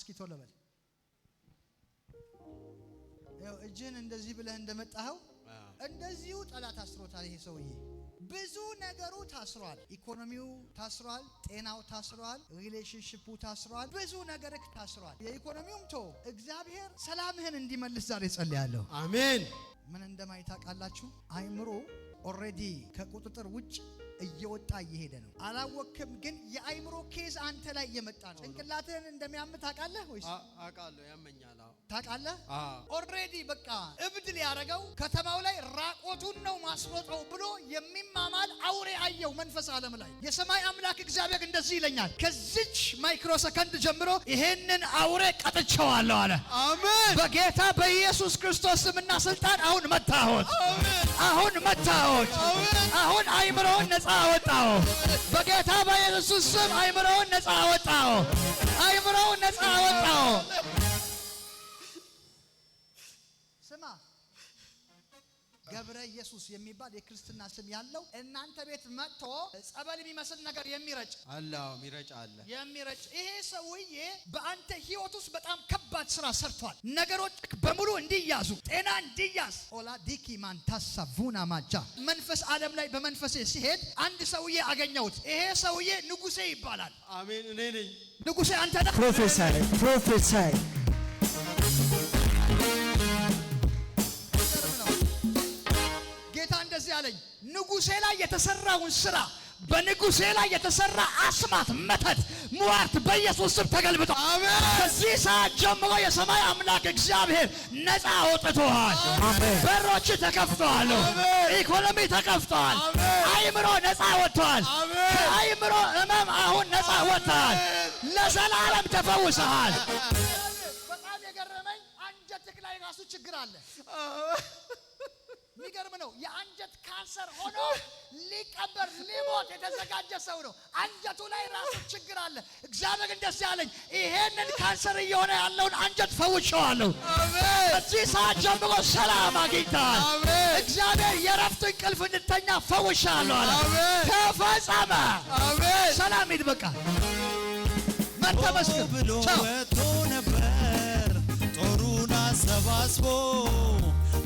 አስኪቶ ለበል እጅህን እንደዚህ ብለህ እንደመጣኸው እንደዚሁ ጠላት አስሮታል። ይሄ ሰውዬ ብዙ ነገሩ ታስሯል። ኢኮኖሚው ታስሯል፣ ጤናው ታስሯል፣ ሪሌሽንሽፑ ታስሯል፣ ብዙ ነገርህ ታስሯል። የኢኮኖሚውም ቶ እግዚአብሔር ሰላምህን እንዲመልስ ዛሬ ጸልያለሁ። አሜን። ምን እንደማይታወቅ አላችሁ። አይምሮ ኦልሬዲ ከቁጥጥር ውጭ እየወጣ እየሄደ ነው። አላወቅክም፣ ግን የአይምሮ ኬዝ አንተ ላይ እየመጣ ነው። ጭንቅላትህን እንደሚያም ታውቃለህ ወይስ? አውቃለሁ፣ ያመኛል። ታውቃለህ፣ ኦልሬዲ በቃ እብድ ሊያደርገው ከተማው ላይ ራቆቱን ነው ማስሮጠው ብሎ የሚማማል አውሬ አየው። መንፈስ ዓለም ላይ የሰማይ አምላክ እግዚአብሔር እንደዚህ ይለኛል፣ ከዚች ማይክሮሰከንድ ጀምሮ ይሄንን አውሬ ቀጥቸዋለሁ አለ። አሜን። በጌታ በኢየሱስ ክርስቶስ ስምና ስልጣን አሁን መታወት፣ አሁን መታወት፣ አሁን አይምሮን ነጻ አወጣው። በጌታ በኢየሱስ ስም አይምሮውን ነፃ አወጣው። አይምሮውን ገብረ ኢየሱስ የሚባል የክርስትና ስም ያለው እናንተ ቤት መጥቶ ጸበል የሚመስል ነገር የሚረጭ አላው የሚረጭ አለ የሚረጭ ይሄ ሰውዬ በአንተ ህይወት ውስጥ በጣም ከባድ ስራ ሰርቷል። ነገሮች በሙሉ እንዲያዙ፣ ጤና እንዲያዝ ኦላ ዲኪ ማንታሳ ቡና ማጃ መንፈስ ዓለም ላይ በመንፈሴ ሲሄድ አንድ ሰውዬ አገኘሁት። ይሄ ሰውዬ ንጉሴ ይባላል። አሜን። እኔ ነኝ ንጉሴ። አንተ ነህ ፕሮፌሳይ ፕሮፌሳይ መሰለኝ ንጉሴ ላይ የተሰራውን ስራ በንጉሴ ላይ የተሰራ አስማት፣ መተት፣ ሟርት በኢየሱስ ስም ተገልብጦ ከዚህ ሰዓት ጀምሮ የሰማይ አምላክ እግዚአብሔር ነፃ አውጥቶሃል። በሮች ተከፍተዋል። ኢኮኖሚ ተከፍተዋል። አይምሮ ነፃ ወጥተዋል። ከአይምሮ እመም አሁን ነፃ ወጥተሃል። ለዘላለም ተፈውሰሃል። በጣም የገረመኝ አንጀትክ ላይ ራሱ ችግር አለ የሚገርም ነው። የአንጀት ካንሰር ሆኖ ሊቀበር ሊሞት የተዘጋጀ ሰው ነው። አንጀቱ ላይ ራሱ ችግር አለ። እግዚአብሔር እንደዚህ አለኝ፣ ይሄንን ካንሰር እየሆነ ያለውን አንጀት ፈውሸዋለሁ። እዚህ ሰዓት ጀምሮ ሰላም አግኝተሃል። እግዚአብሔር የረፍት እንቅልፍ እንድተኛ ፈውሻለሁ አለ። ተፈጸመ። ሰላም ሂድ በቃ መተመስገን ብሎ ወጥቶ ነበር ጦሩን አሰባስቦ